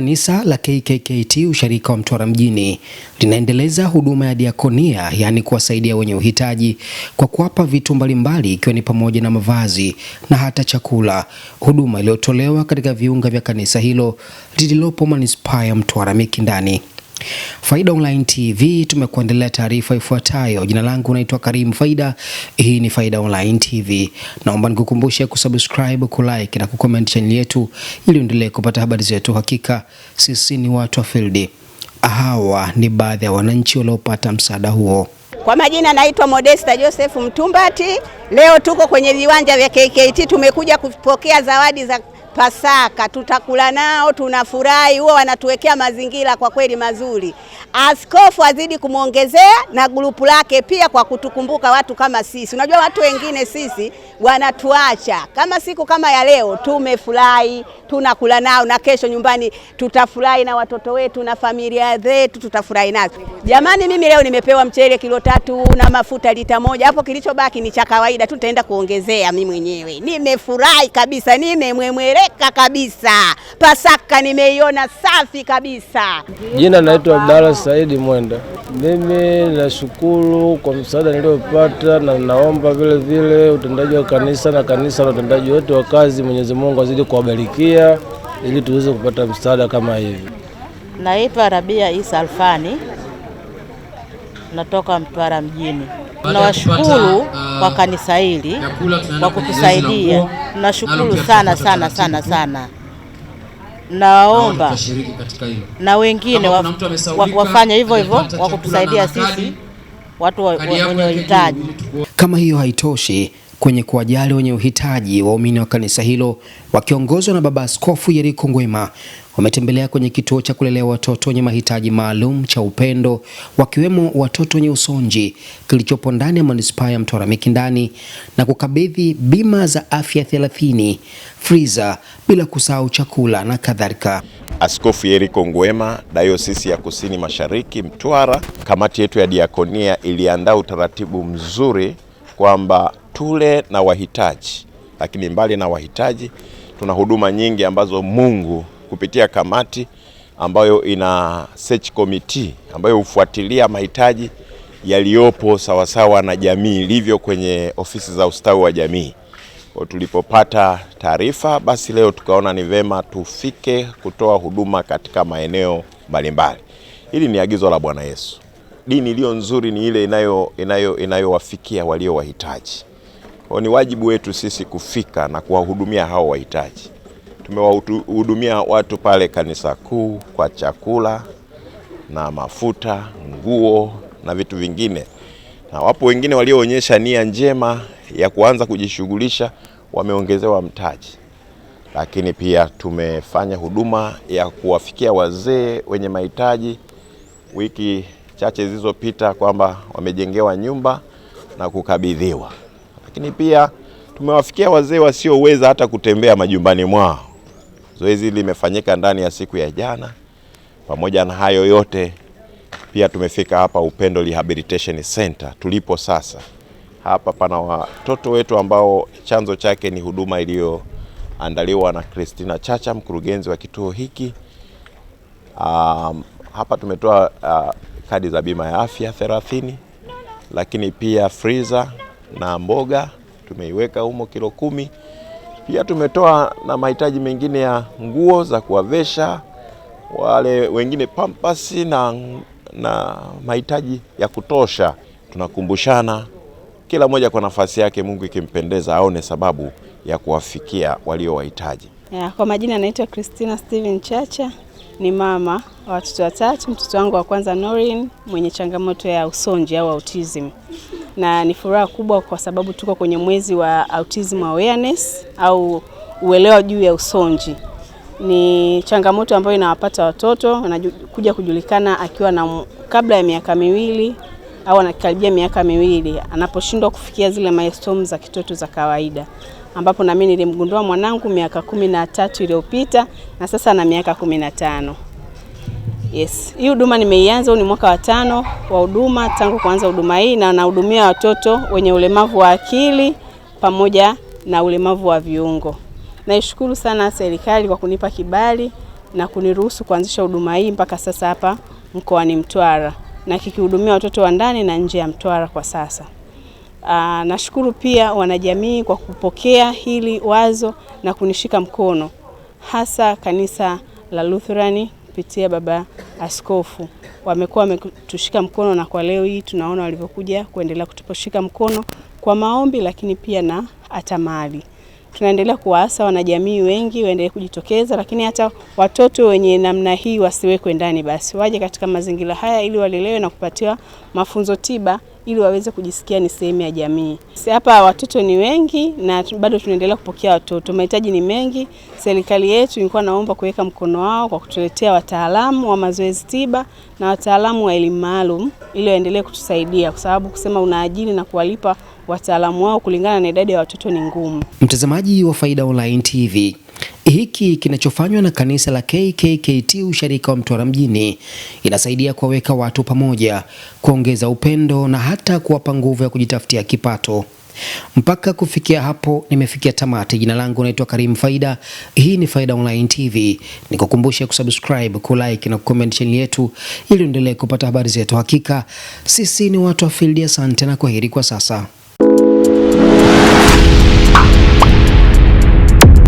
Kanisa la KKKT Usharika wa Mtwara Mjini linaendeleza huduma ya diakonia, yaani kuwasaidia wenye uhitaji kwa kuwapa vitu mbalimbali, ikiwa ni pamoja na mavazi na hata chakula, huduma iliyotolewa katika viunga vya kanisa hilo lililopo manispaa ya Mtwara Mikindani. Faida Online TV tumekuendelea taarifa ifuatayo. Jina langu naitwa Karim Faida, hii ni Faida Online TV. Naomba nikukumbushe kusubscribe, kulike na kucomment chaneli yetu ili uendelee kupata habari zetu. Hakika sisi ni watu wa field. Hawa ni baadhi ya wananchi waliopata msaada huo. Kwa majina naitwa Modesta Joseph Mtumbati. Leo tuko kwenye viwanja vya KKT, tumekuja kupokea zawadi za Pasaka tutakula nao, tunafurahi. Huwa wanatuwekea mazingira kwa kweli mazuri. Askofu azidi kumwongezea na grupu lake pia, kwa kutukumbuka watu kama sisi. Unajua watu wengine sisi wanatuacha, kama siku kama ya leo tumefurahi, tunakula nao, na kesho nyumbani tutafurahi na watoto wetu na familia zetu tutafurahi nazo. Jamani, mimi leo nimepewa mchele kilo tatu na mafuta lita moja, hapo kilichobaki ni cha kawaida tu, nitaenda kuongezea mimi mwenyewe. Nimefurahi kabisa, nimemwemweleka nimependeka kabisa. Pasaka nimeiona safi kabisa. Jina naitwa Abdalla Saidi Mwenda. Mimi nashukuru kwa msaada niliopata na naomba vile vile utendaji wa kanisa na kanisa na utendaji wote wa kazi, Mwenyezi Mungu azidi kuwabarikia ili tuweze kupata msaada kama hivi. Naitwa Rabia Isa Alfani, natoka Mtwara mjini. Tunawashukuru uh, wa kanisa hili kwa kutusaidia, tunashukuru sana sana sana sana. Nawaomba na wengine wafanye hivyo hivyo wa kutusaidia sisi watu wenye uhitaji. Kama hiyo haitoshi kwenye kuwajali wenye uhitaji. Waumini wa kanisa hilo wakiongozwa na Baba Askofu Yeriko Ngwema wametembelea kwenye kituo cha kulelea watoto wenye mahitaji maalum cha Upendo, wakiwemo watoto wenye usonji kilichopo ndani ya manispaa ya Mtwara Mikindani, na kukabidhi bima za afya 30, friza, bila kusahau chakula na kadhalika. Askofu Yeriko Ngwema, Dayosisi ya Kusini Mashariki Mtwara. Kamati yetu ya diakonia iliandaa utaratibu mzuri kwamba tule na wahitaji. Lakini mbali na wahitaji, tuna huduma nyingi ambazo Mungu kupitia kamati ambayo ina search committee ambayo hufuatilia mahitaji yaliyopo sawasawa na jamii ilivyo kwenye ofisi za ustawi wa jamii. Kwa tulipopata taarifa, basi leo tukaona ni vema tufike kutoa huduma katika maeneo mbalimbali. Hili ni agizo la Bwana Yesu. Dini iliyo nzuri ni ile inayowafikia inayo, inayo walio wahitaji. Kwa ni wajibu wetu sisi kufika na kuwahudumia hao wahitaji. Tumewahudumia watu pale kanisa kuu kwa chakula na mafuta, nguo na vitu vingine, na wapo wengine walioonyesha nia njema ya kuanza kujishughulisha wameongezewa mtaji. Lakini pia tumefanya huduma ya kuwafikia wazee wenye mahitaji wiki chache zilizopita, kwamba wamejengewa nyumba na kukabidhiwa lakini pia tumewafikia wazee wasioweza hata kutembea majumbani mwao. Zoezi limefanyika ndani ya siku ya jana. Pamoja na hayo yote, pia tumefika hapa Upendo Rehabilitation Center tulipo sasa. Hapa pana watoto wetu ambao chanzo chake ni huduma iliyoandaliwa na Christina Chacha, mkurugenzi wa kituo hiki. Um, hapa tumetoa uh, kadi za bima ya afya 30 lakini pia freezer na mboga tumeiweka humo kilo kumi. Pia tumetoa na mahitaji mengine ya nguo za kuwavesha wale wengine, pampasi na, na mahitaji ya kutosha. Tunakumbushana kila mmoja kwa nafasi yake, Mungu ikimpendeza aone sababu ya kuwafikia walio wahitaji. Kwa majina anaitwa Christina Steven Chacha, ni mama wa watoto watatu. Mtoto wangu wa kwanza Norin mwenye changamoto ya usonji au autism na ni furaha kubwa kwa sababu tuko kwenye mwezi wa autism awareness au uelewa juu ya usonji. Ni changamoto ambayo inawapata watoto anakuja kujulikana akiwa na kabla ya miaka miwili au anakaribia miaka miwili, anaposhindwa kufikia zile milestones za kitoto za kawaida, ambapo nami nilimgundua mwanangu miaka kumi na tatu iliyopita na sasa ana miaka kumi na tano. Yes, hii huduma nimeianza, huu ni mwaka wa tano wa huduma tangu kuanza huduma hii, na nahudumia watoto wenye ulemavu wa akili pamoja na ulemavu wa viungo. Naishukuru sana serikali kwa kunipa kibali na kuniruhusu kuanzisha huduma hii mpaka sasa hapa mkoani Mtwara, na kikihudumia watoto wa ndani na nje ya Mtwara kwa sasa. Aa, ah, nashukuru pia wanajamii kwa kupokea hili wazo na kunishika mkono, hasa kanisa la Lutherani kupitia baba askofu wamekuwa wametushika mkono, na kwa leo hii tunaona walivyokuja kuendelea kutuposhika mkono kwa maombi, lakini pia na hata mali. Tunaendelea kuwaasa wanajamii wengi waendelee kujitokeza, lakini hata watoto wenye namna hii wasiwekwe ndani, basi waje katika mazingira haya ili walelewe na kupatiwa mafunzo tiba ili waweze kujisikia ni sehemu ya jamii. Hapa watoto ni wengi na bado tunaendelea kupokea watoto, mahitaji ni mengi. Serikali yetu ilikuwa naomba kuweka mkono wao kwa kutuletea wataalamu wa mazoezi tiba na wataalamu wa elimu maalum, ili waendelee kutusaidia, kwa sababu kusema unaajiri na kuwalipa wataalamu wao kulingana na idadi ya watoto ni ngumu. Mtazamaji wa Faida Online TV. Hiki kinachofanywa na kanisa la KKKT usharika wa Mtwara mjini inasaidia kuwaweka watu pamoja, kuongeza upendo na hata kuwapa nguvu ya kujitafutia kipato. Mpaka kufikia hapo nimefikia tamati. Jina langu naitwa Karim Faida, hii ni Faida Online TV. Nikukumbushe kusubscribe, kulike na kucomment channel yetu ili uendelee kupata habari zetu. Hakika sisi ni watu wa field. Asante na kwaheri kwa sasa.